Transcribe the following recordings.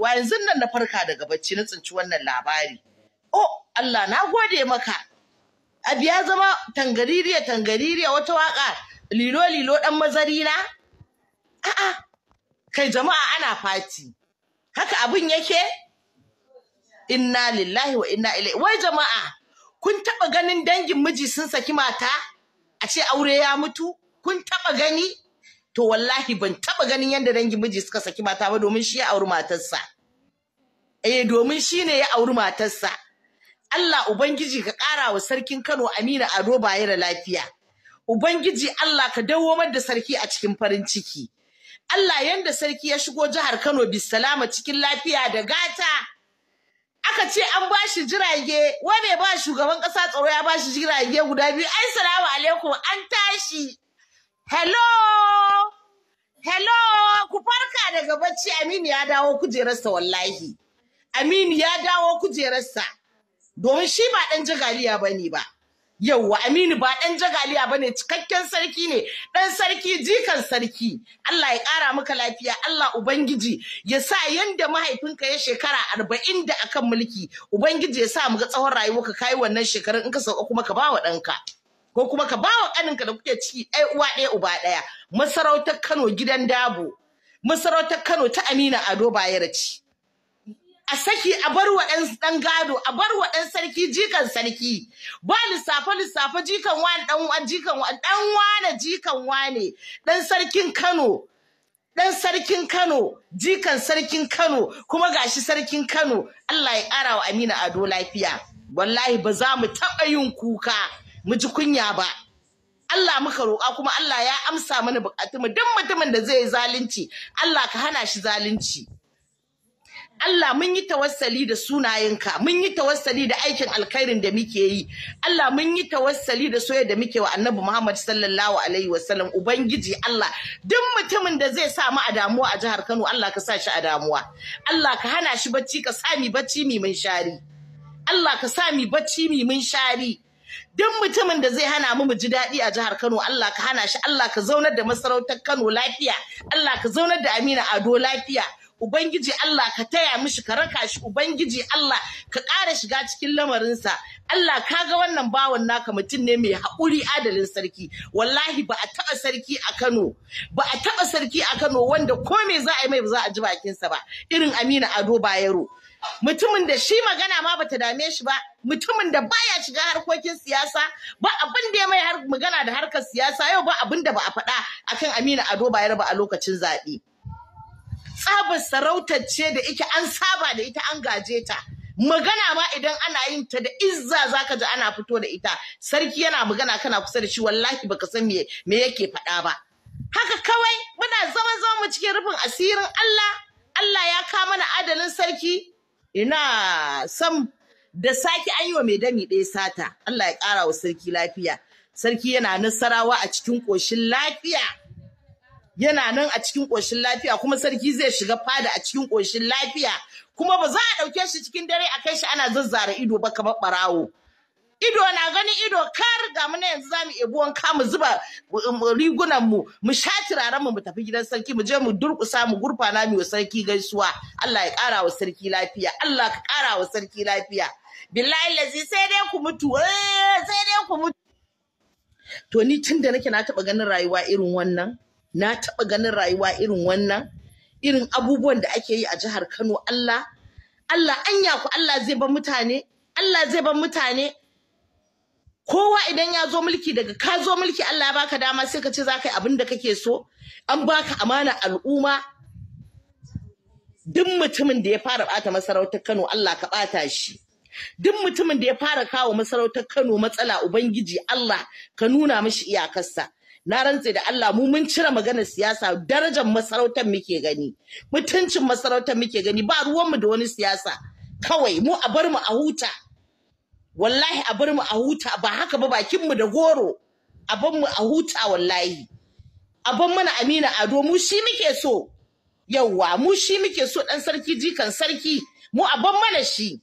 faruwa yanzu nan na farka daga bacci na tsinci wannan labari oh Allah na gode maka A biya zama tangaririya tangaririya wata waka lilo lilo dan mazari na a'a kai jama'a ana fati haka abin yake inna lillahi wa inna ilaihi wai jama'a kun taɓa ganin dangin miji sun saki mata a ce aure ya mutu kun taɓa gani to wallahi ban taba ganin yadda dangin miji suka saki mata ba domin shi ya auri matarsa eh domin shi ne ya auri matarsa Allah ubangiji ka ƙara wa sarkin Kano Amina Ado Bayero lafiya ubangiji Allah ka dawo da sarki a cikin farin ciki Allah yanda sarki ya shigo jihar Kano bisalama cikin lafiya da gata aka ce an bashi jirage wane ba shugaban ƙasa tsaro ya bashi jirage guda biyu ai salamu alaikum an tashi hello Hello, ku farka daga bacci Aminu ya dawo kujerarsa wallahi. Aminu ya dawo kujerarsa. Domin shi ba ɗan jagaliya ba ne ba. Yauwa Aminu ba ɗan jagaliya ba cikakken sarki ne, ɗan sarki jikan sarki. Allah ya ƙara maka lafiya, Allah Ubangiji ya sa yanda mahaifinka ya shekara arba'in da akan mulki, Ubangiji ya sa mu ga tsawon rayuwarka kai wannan shekarun in ka sauka kuma ka ba wa ɗanka. ko kuma ka ba wa kaninka da kuke ciki ɗaya uwa ɗaya uba ɗaya masarautar Kano gidan dabo masarautar Kano ta Amina Ado Bayero a saki a bar wa ɗan gado a bar wa ɗan sarki jikan sarki ba lissafa lissafa jikan wani ɗan wani jikan wani ɗan wani jikan wani ɗan sarkin Kano ɗan sarkin Kano jikan sarkin Kano kuma gashi sarkin Kano Allah ya ƙara wa Amina Ado lafiya wallahi ba za mu taɓa yin kuka mu ji kunya ba Allah muka roƙa kuma Allah ya amsa mana buƙatunmu duk mutumin da zai zalunci Allah ka hana shi zalunci Allah mun yi tawassali da sunayenka mun yi tawassali da aikin alkhairin da muke yi Allah mun yi tawassali da soyayya da muke wa Annabi Muhammad sallallahu alaihi wasallam ubangiji Allah duk mutumin da zai sa mu a damuwa a jihar Kano Allah ka sa shi a damuwa Allah ka hana shi bacci ka sami bacci mi mun shari Allah ka sami bacci mi mun shari duk mutumin da zai hana mu ji daɗi a jihar Kano Allah ka hana shi Allah ka zaunar da masarautar Kano lafiya Allah ka zaunar da Amina Ado lafiya Ubangiji Allah ka taya mishi ka raka shi Ubangiji Allah ka ƙara shiga cikin lamarinsa Allah ka ga wannan bawan naka mutum ne mai haƙuri adalin sarki wallahi ba a taɓa sarki a Kano ba a taɓa sarki a Kano wanda ko me za a yi mai ba za a ji bakinsa ba irin Amina Ado Bayero mutumin da shi magana ma bata dame shi ba mutumin da baya shiga harkokin siyasa ba abin da ya mai magana da harkar siyasa yau ba abin da ba a faɗa akan Aminu Ado ba ya raba a lokacin zaɓe. Tsabar sarautar ce da ita, an saba da ita an gaje ta. Magana ma idan ana yin ta da izza zaka ji ana fito da ita. Sarki yana magana kana kusa da shi wallahi baka san me me yake faɗa ba. Haka kawai muna zama zama mu cikin rufin asirin Allah Allah ya kama mana adalin sarki ina sam da saki an yi wa mai dami ɗaya sata Allah ya ƙara wa sarki lafiya sarki yana nasarawa a cikin ƙoshin lafiya yana nan a cikin ƙoshin lafiya kuma sarki zai shiga fada a cikin ƙoshin lafiya kuma ba za a ɗauke shi cikin dare a kai shi ana zazzara ido ba kamar ɓarawo ido na gani ido kar ga mu na yanzu zamu ebi wanka mu zuba um, um, rigunan mu mu sha turaren mu mu tafi gidan sarki mu je mu durkusa mu gurfana mu sarki gaisuwa Allah ya kara wa sarki lafiya Allah ka kara wa sarki lafiya billahi lazi sai dai ku mutu eh sai dai ku mutu to ni tun da nake na taba ganin rayuwa irin wannan na taba ganin rayuwa irin wannan irin abubuwan da ake yi a jihar Kano Allah Allah anya ku Allah zai ba mutane Allah zai ba mutane kowa idan ya zo mulki daga ka zo mulki Allah ya baka dama sai ka ce za ka yi abin da kake so an baka amana al'umma duk mutumin da ya fara bata masarautar Kano Allah ka bata shi duk mutumin da ya fara kawo masarautar Kano matsala ubangiji Allah ka nuna mishi iyakarsa na rantse da Allah mu mun cire maganar siyasa darajar masarautar muke gani mutuncin masarautar muke gani ba ruwanmu da wani siyasa kawai mu a bar mu a huta wallahi a bar mu a huta ba haka ba bakin mu da goro a bar mu a huta wallahi a bar mana Amina Ado mu shi muke so yawa, mu shi muke so dan sarki jikan sarki mu a bar mana shi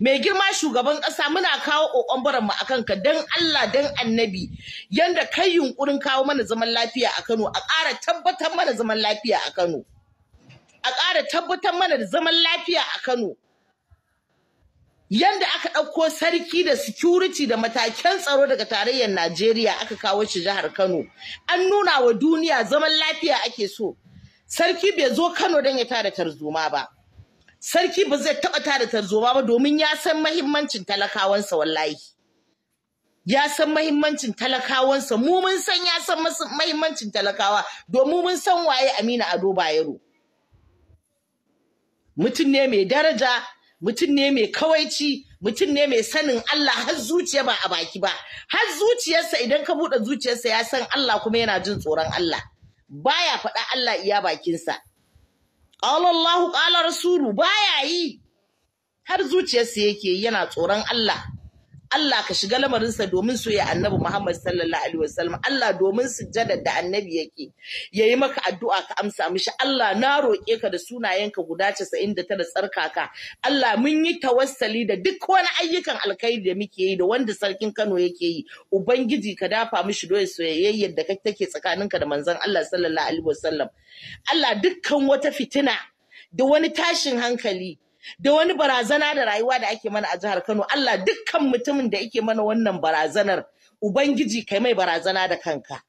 mai girma shugaban ƙasa muna kawo baran mu akan kanka don Allah dan annabi yanda kai yunkurin kawo mana zaman lafiya a Kano a ƙara tabbatar mana zaman lafiya a Kano a ƙara tabbatar mana da zaman lafiya a Kano yanda aka ɗauko sarki da security da matakan tsaro daga tarayyar Najeriya aka kawo shi jihar Kano an nuna wa duniya zaman lafiya ake so sarki bai zo Kano don ya tada tarzoma ba sarki ba zai taɓa tara tarzoma ba domin ya san mahimmancin talakawansa wallahi ya san mahimmancin talakawansa mu mun san ya san mahimmancin talakawa domin mun san waye Aminu Ado Bayero mutum ne mai daraja mutum ne mai kawaici mutum ne mai sanin Allah har zuciya ba a baki ba har zuciyarsa idan ka buɗe zuciyarsa ya san Allah kuma yana jin tsoron Allah baya faɗa Allah iya bakinsa qala Allah qala rasulu baya yi har zuciyarsa yake yana tsoron Allah Allah ka shiga lamarinsa domin su yi annabi Muhammad sallallahu alaihi wasallam Allah domin su sujjadar da annabi yake yayi maka addu'a ka amsa mishi Allah na roƙe ka da sunayenka guda 99 tsarkaka Allah mun yi tawassali da duk wani ayyukan alkhairi da muke yi da wanda sarkin Kano yake yi ubangiji ka dafa mishi doyin soyayyar da take tsakaninka da manzon Allah sallallahu alaihi wasallam Allah dukkan wata fitina da wani tashin hankali da wani barazana da rayuwa da ake mana a jihar Kano Allah dukkan mutumin da yake mana wannan barazanar ubangiji kai mai barazana da kanka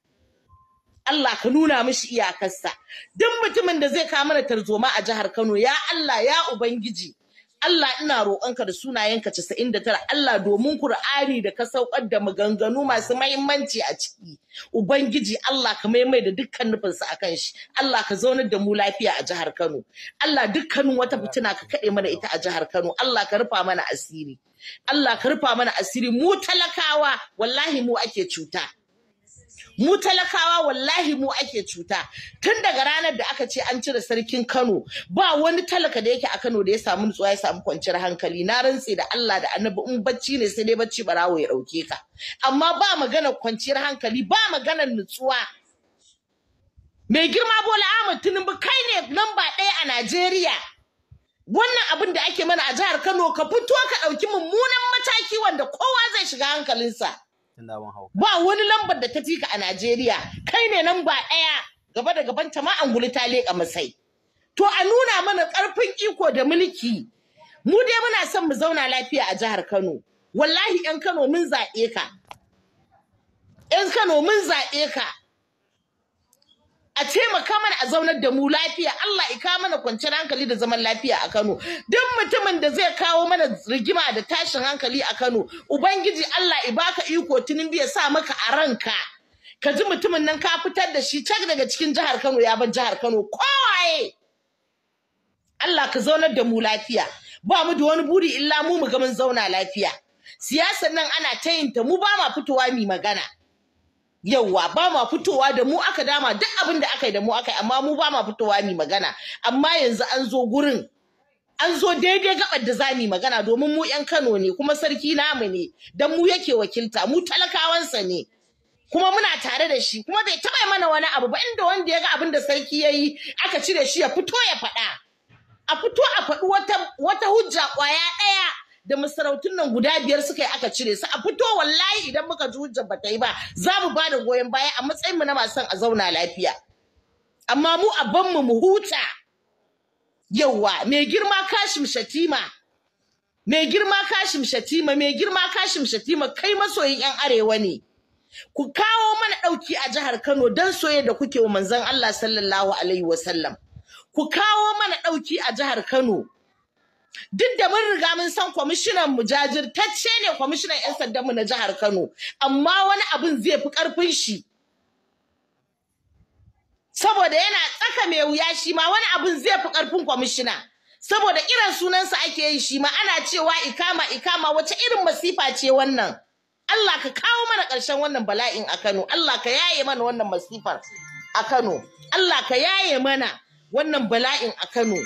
Allah ka nuna mishi iyakarsa duk mutumin da zai kawo mana tarzoma a jihar Kano ya Allah ya ubangiji Allah ina roƙonka da casa'in da tara. Allah domin Kur'ani da ka saukar da maganganu masu mahimmanci a ciki ubangiji Allah ka maimai da dukkan nufinsa a kan shi Allah ka zaunar da mu lafiya a jihar Kano Allah dukkanin wata fitina ka kaɗe mana ita a jihar Kano Allah ka rufa mana asiri Allah ka rufa mana asiri mu talakawa wallahi mu ake cuta mu talakawa wallahi mu ake cuta tun daga ranar da aka ce an cire sarkin Kano ba wani talaka da yake a Kano da ya samu nutsuwa ya samu kwanciyar hankali na rantse da Allah da Annabi in bacci ne sai dai bacci barawo ya ɗauke ka amma ba magana kwanciyar hankali ba magana nutsuwa mai girma Bola Ahmad Tinubu kai ne namba ɗaya a Najeriya wannan abin da ake mana a jihar Kano ka fito ka ɗauki mummunan mataki wanda kowa zai shiga hankalinsa. ba wani lambar da ta fi ka a Najeriya kai ne lamba ɗaya gaba da gaban ta ma guli ta leƙa masai to a nuna mana ƙarfin iko da mulki mu dai muna son mu zauna lafiya a jihar Kano wallahi 'yan Kano mun zaɓe ka 'yan Kano mun zaɓe ka a taimaka mana a zaunar da mu lafiya Allah ika mana kwanciyar hankali da zaman lafiya a Kano duk mutumin da zai kawo mana rigima da tashin hankali a Kano ubangiji Allah i baka iko tunin biya sa maka a ranka ka ji mutumin nan ka fitar da shi cak daga cikin jihar Kano ya bar jihar Kano kowaye Allah ka zaunar da mu lafiya ba mu da wani buri illa mu mu ga mun zauna lafiya siyasar nan ana tayinta mu ba ma fitowa mi magana yauwa ba ma fitowa da mu aka dama duk abin da aka yi da mu aka yi amma mu ba ma fitowa ni magana amma yanzu an zo gurin an zo daidai gabar da za mu magana domin mu yan Kano ne kuma sarki namu ne dan mu yake wakilta mu talakawansa ne kuma muna tare da shi kuma bai taba mana wani abu ba inda wanda ya ga abin da sarki yayi aka cire shi ya fito ya faɗa a fito a faɗi wata wata hujja kwaya ɗaya da masarautun nan guda biyar suka yi aka cire su a fito wallahi idan muka ji hujjar ba ta yi ba za mu ba da goyon baya a matsayin mu na masu a zauna lafiya amma mu a ban mu mu huta yawa mai girma kashim shatima mai girma kashim shatima mai girma kashim shatima kai masoyin yan arewa ne ku kawo mana dauki a jihar Kano dan soyayya da kuke wa manzon Allah sallallahu alaihi wasallam ku kawo mana dauki a jihar Kano duk da mun riga mun san kwamishinan mu jajirtacce ne kwamishinan 'yan sanda mu na jihar Kano amma wani abin zai fi karfin shi saboda yana tsaka mai wuya shi ma wani abin zai fi karfin kwamishina saboda irin sunan sa ake yi shi ma ana cewa ikama ikama wace irin masifa ce wannan Allah ka kawo mana ƙarshen wannan bala'in a Kano Allah ka yaye mana wannan masifar a Kano Allah ka yaye mana wannan bala'in a Kano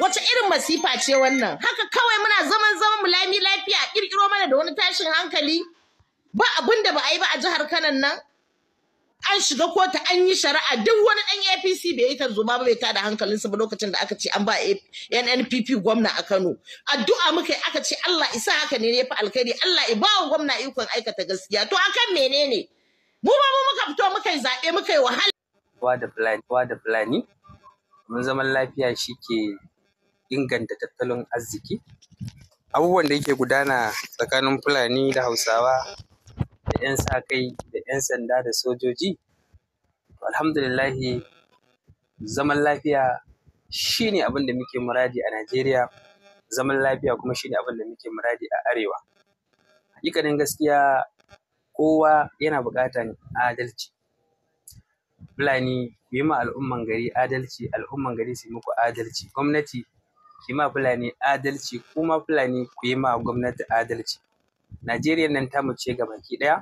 wace irin masifa ce wannan haka kawai muna zaman zaman mu lami lafiya kirkiro mana da wani tashin hankali ba abin da ba a yi ba a jihar kanan nan an shiga kotu an yi shari'a duk wani dan APC bai yi tarzoma ba bai tada hankalinsa ba lokacin da aka ce an ba NNPP gwamna a Kano addu'a muka yi aka ce Allah isa haka ne ne fa alkhairi Allah i ba gwamna ikon aikata gaskiya to akan menene mu ba mu muka fito muka yi zabe muka yi wahala wa da fulani wa da fulani domin zaman lafiya shi ke inganta tattalin arziki abubuwan da yake gudana tsakanin fulani da hausawa da 'yan sa kai da 'yan sanda da sojoji alhamdulillahi zaman lafiya shi ne abin da muke muradi a najeriya zaman lafiya kuma shi ne abin da muke muradi a arewa hakikanin gaskiya kowa yana buƙatan adalci Fulani ku yi ma al'umman gari adalci al'umman gari su yi muku adalci gwamnati ki ma Fulani adalci kuma Fulani ku yi ma gwamnati adalci Najeriya nan tamu ce ga baki ɗaya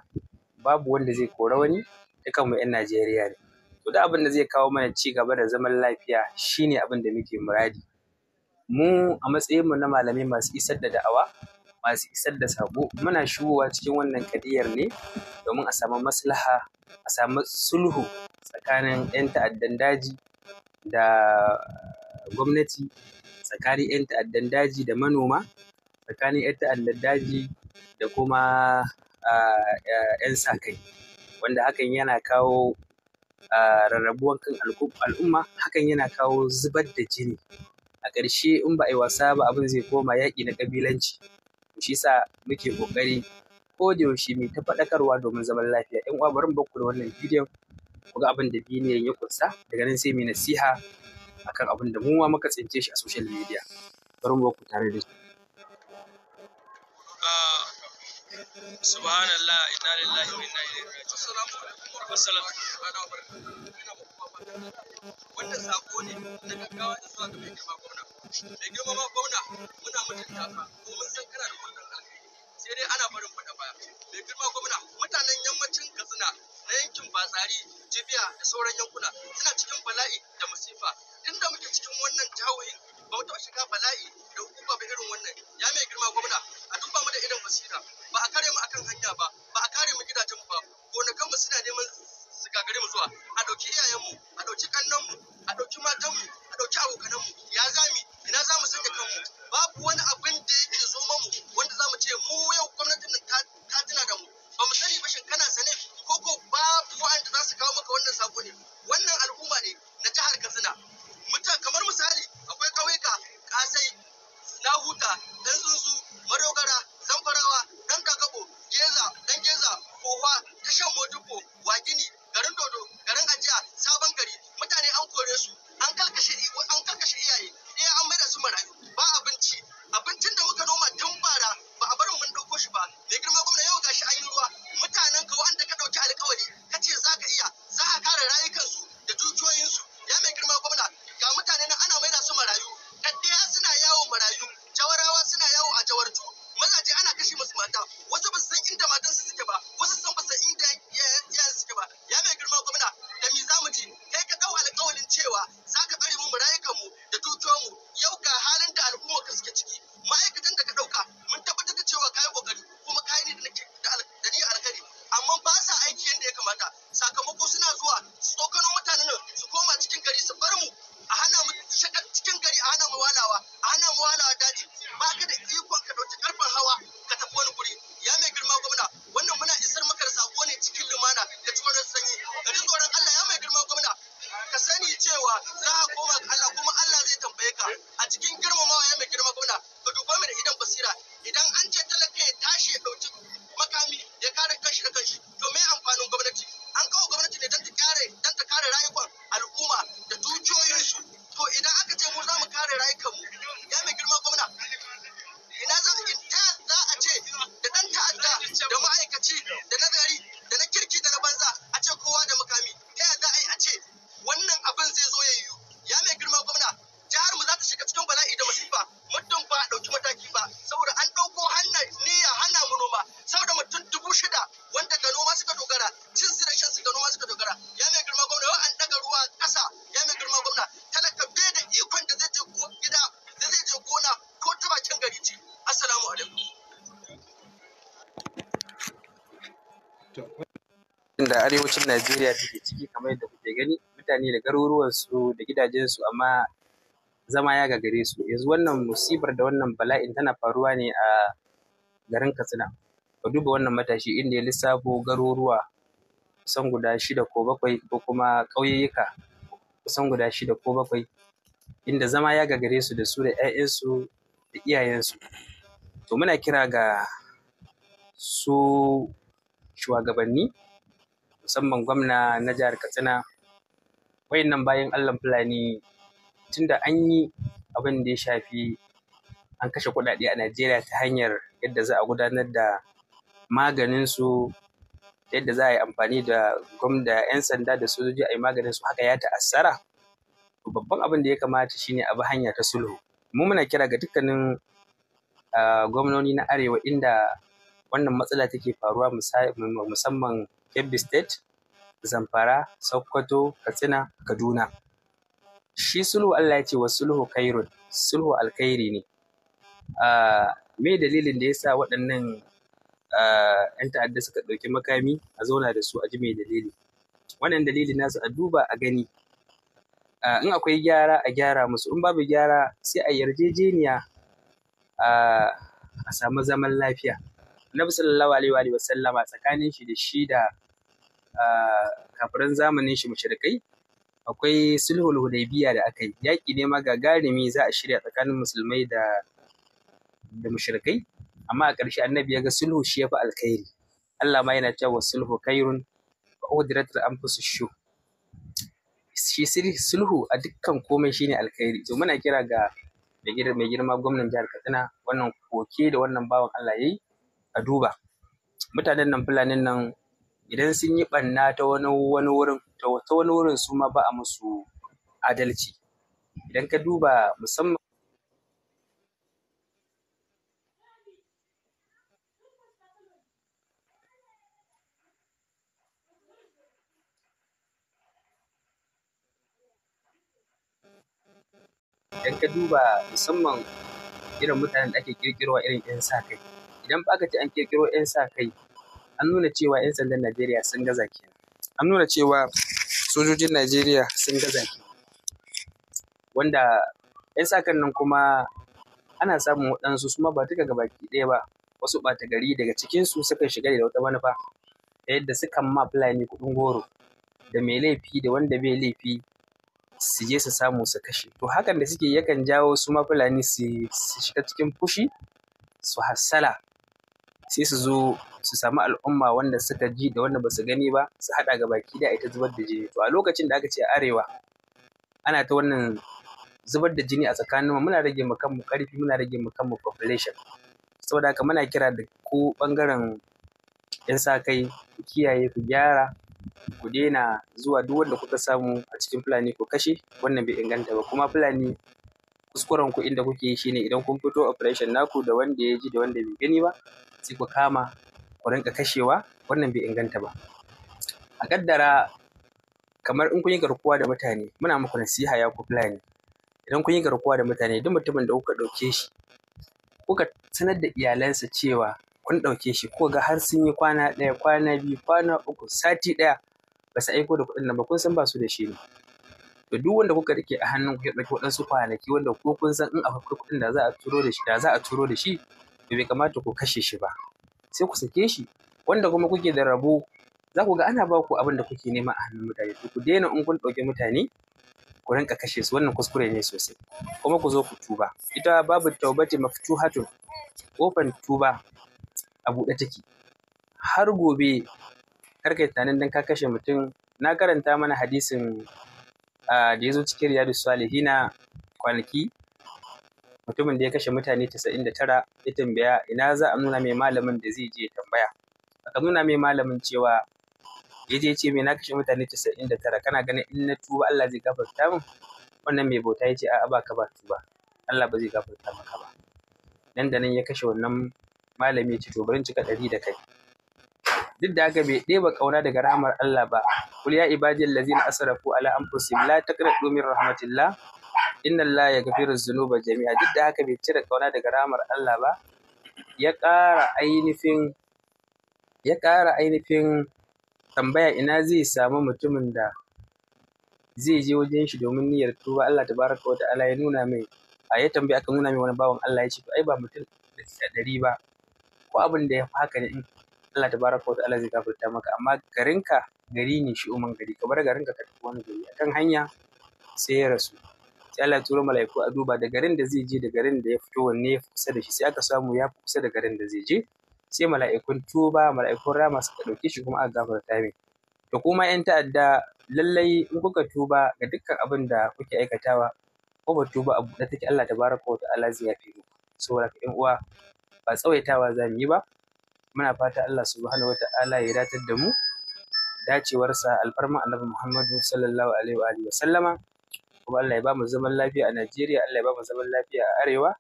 babu wanda zai kora wani dukan mu 'yan Najeriya ne to da abin da zai kawo mana ci gaba da zaman lafiya shine abin da muke muradi mu a matsayinmu na malamai masu isar da da'awa masu isar da sabo muna shigowa cikin wannan kadiyar ne domin a samu maslaha a samu sulhu tsakanin 'yan ta'addan daji da gwamnati tsakanin 'yan ta'addan daji da manoma tsakanin 'yan ta'addan daji da kuma 'yan sa-kai wanda hakan yana kawo rarrabuwan kan al'umma hakan yana kawo zubar da jini a ƙarshe in ba a yi wasa ba abin zai koma yaƙi na ƙabilanci shi sa muke kokari ko da yaushe mai ta faɗakarwa domin zaman lafiya yan uwa bari mu bakku da wannan bidiyon ku ga abin da bidiyon ya kunsa daga nan sai mai nasiha akan abin da mu ma muka tsince shi a social media bari mu bakku tare da shi ah, da girmama gwamna muna mutunta ka ko mun san kana da wannan alheri sai dai ana barin fada baya mai girma gwamna mutanen yammacin katsina na yankin batsari jibiya da sauran yankuna suna cikin bala'i da masifa tunda muke cikin wannan jahohin ba shiga bala'i da hukuma ba irin wannan ya mai girma gwamna a duba mu da irin basira ba a kare mu akan hanya ba ba a kare mu gidajen ba gonakan mu suna neman su gagare mu zuwa a ɗauki iyayenmu a ɗauki kannanmu a ɗauki matanmu a ɗauki abokan da arewacin Najeriya take ciki kamar yadda kuke gani mutane da garuruwansu da gidajensu amma zama ya gagare su yanzu wannan musibar da wannan bala'in tana faruwa ne a garin Katsina ka duba wannan matashi inda ya lissafo garuruwa kusan guda shida ko bakwai ko kuma ƙauyayyuka kusan guda shida ko bakwai inda zama ya gagare su da su da 'ya'yansu da iyayensu to muna kira ga su shugabanni musamman gwamna na jihar katsina wayannan bayan allah fulani tunda an yi abin da ya shafi an kashe kuɗaɗe a najeriya ta hanyar yadda za a gudanar da maganinsu yadda za a yi amfani da gwamna 'yan sanda da sojoji a yi maganinsu haka ya ta'assara babban abin da ya kamata shine a bi hanya ta sulhu mu muna kira ga dukkanin ah, gwamnoni na arewa inda wannan matsala take faruwa musamman Kebbi State, Zamfara, Sokoto, Katsina, Kaduna. Shi sulhu Allah ya ce wa sulhu kairun, sulhu alkhairi ne. Me dalilin da ya sa waɗannan 'yan ta'adda suka ɗauki makami a zauna da su a ji mai dalili. Wannan dalili nasu a duba a gani. In akwai gyara a gyara musu, in babu gyara sai a yarjejeniya a samu zaman lafiya. annabi sallallahu alaihi wa sallama tsakanin shi da shi da kafirin zamanin shi mushrikai akwai sulhul hudaybiya da aka yi yaki ne ma gagarumi za a shirya tsakanin musulmai da da mushrikai amma a ƙarshe annabi ya ga sulhu shi ya fi alkhairi Allah ma yana cewa sulhu kairun wa udrat al anfusu shu shi sulhu a dukkan komai shine alkhairi to muna kira ga mai girma gwamnan jihar Katsina wannan koke da wannan bawan Allah yayi a duba mutanen nan fulanin nan idan sun yi ɓanna ta wani wurin ta wani wurin su ma ba a musu adalci idan ka duba musamman idan ka duba musamman irin mutanen da ake kirkirowa irin 'yan sa kai idan aka ce an kirkiro 'yan sa kai an nuna cewa 'yan sandan najeriya sun gaza kenan an nuna cewa sojojin najeriya sun gaza kenan wanda 'yan sa kan nan kuma ana samun waɗansu su ma ba duka gabaki ɗaya ba wasu ɓata gari daga cikinsu sukan shiga da wata manufa ta yadda sukan ma fulani kuɗin goro da mai laifi da wanda bai laifi su je su samu su kashe to hakan da suke yakan jawo su ma fulani su shiga cikin fushi su hassala sai su zo su samu al'umma wanda suka ji da wanda ba su gani ba su haɗa ga baki da ita zubar da jini to a lokacin da aka ce arewa ana ta wannan zubar da jini a tsakanin mu, muna rage mu kanmu ƙarfi muna rage mu kanmu population saboda haka muna kira da ko bangaren 'yan sa kai ku kiyaye ku gyara ku daina zuwa duk wanda kuka samu a cikin fulani ko kashe wannan bai inganta ba kuma fulani kuskuren ku da kuke yi shine idan kun fito operation naku da wanda ya ji da wanda bai gani ba sai ku kama ku rinka kashewa wannan bai inganta ba a kaddara kamar in kun yi garkuwa da mutane muna muku nasiha ya ku fulani idan kun yi garkuwa da mutane duk mutumin da kuka ɗauke shi kuka sanar da iyalansa cewa kun ɗauke shi ko ga har sun yi kwana ɗaya kwana biyu kwana uku sati ɗaya ba su aiko da kuɗin nan ba kun san ba su da shi ne to duk wanda kuka rike a hannun ku ya ɗauki waɗansu kwanaki wanda ko kun san in akwai kuɗin da za a turo da shi da za a turo da shi to bai kamata ku kashe shi ba sai ku sake shi wanda kuma kuke da rabo za ku ga ana ba ku abin da kuke nema a hannun mutane to ku daina in kun ɗauki mutane ku rinka kashe su wannan kuskure ne sosai kuma ku zo ku tuba ita babu taubati maftuhatun kofan tuba a buɗe take har gobe karka tunanin dan ka kashe mutum na karanta mana hadisin da ya zo cikin riyadu salihina kwanaki mutumin da ya kashe mutane 99 da ya tambaya ina za a nuna mai malamin da zai je ya tambaya aka nuna mai malamin cewa ya je ce mai na kashe mutane 99 kana ganin in na tuba Allah zai gafarta min wannan mai bauta ya ce a'a ba ka ba tuba Allah ba zai gafarta maka ba nan da nan ya kashe wannan malami ya ce to bari cika ɗari da kai duk da haka bai ɗeba ƙauna daga rahamar Allah ba قل يا عبادي الذين أسرفوا على أنفسهم لا تقنطوا من رحمة الله إن الله يغفر الذنوب جميعا duk da haka bai cire kauna daga ramar Allah ba ya ƙara ainihin ya ƙara ainihin tambaya ina zai samu mutumin da zai je wajen shi domin niyyar tuba Allah tabaraka wa ta'ala ya nuna mai a ya tambaya aka nuna mai wani bawan Allah ya ce to ai ba mutum da ɗari ba ko abin da ya fi haka ne in Allah baraka wata Allah zai gafarta maka amma garinka gari ne shi umman gari ka bar garinka ka tafi wani gari akan hanya sai ya rasu sai Allah turo mala'iku a duba da garin da zai je da garin da ya fito wanne ya kusa da shi sai aka samu ya fi kusa da garin da zai je sai mala'ikun tuba mala'ikun rama suka ɗauke shi kuma a gafarta mai da kuma yan ta'adda lallai in kuka tuba ga dukkan abin da kuke aikatawa ko ba tuba a buɗe take Allah ta baraka wata Allah zai yafe muku saboda ka yan uwa ba tsawaitawa za mu yi ba muna fata Allah subhanahu wata'ala ya datar da mu dacewarsa alfarma annabi Muhammadu sallallahu alaihi wa alihi sallama kuma Allah ya ba mu zaman lafiya a Najeriya Allah ya ba mu zaman lafiya a arewa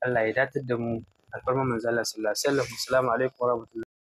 Allah ya datar da mu alfarma manzo Allah sallallahu alaihi wa sallam assalamu alaikum wa rahmatullahi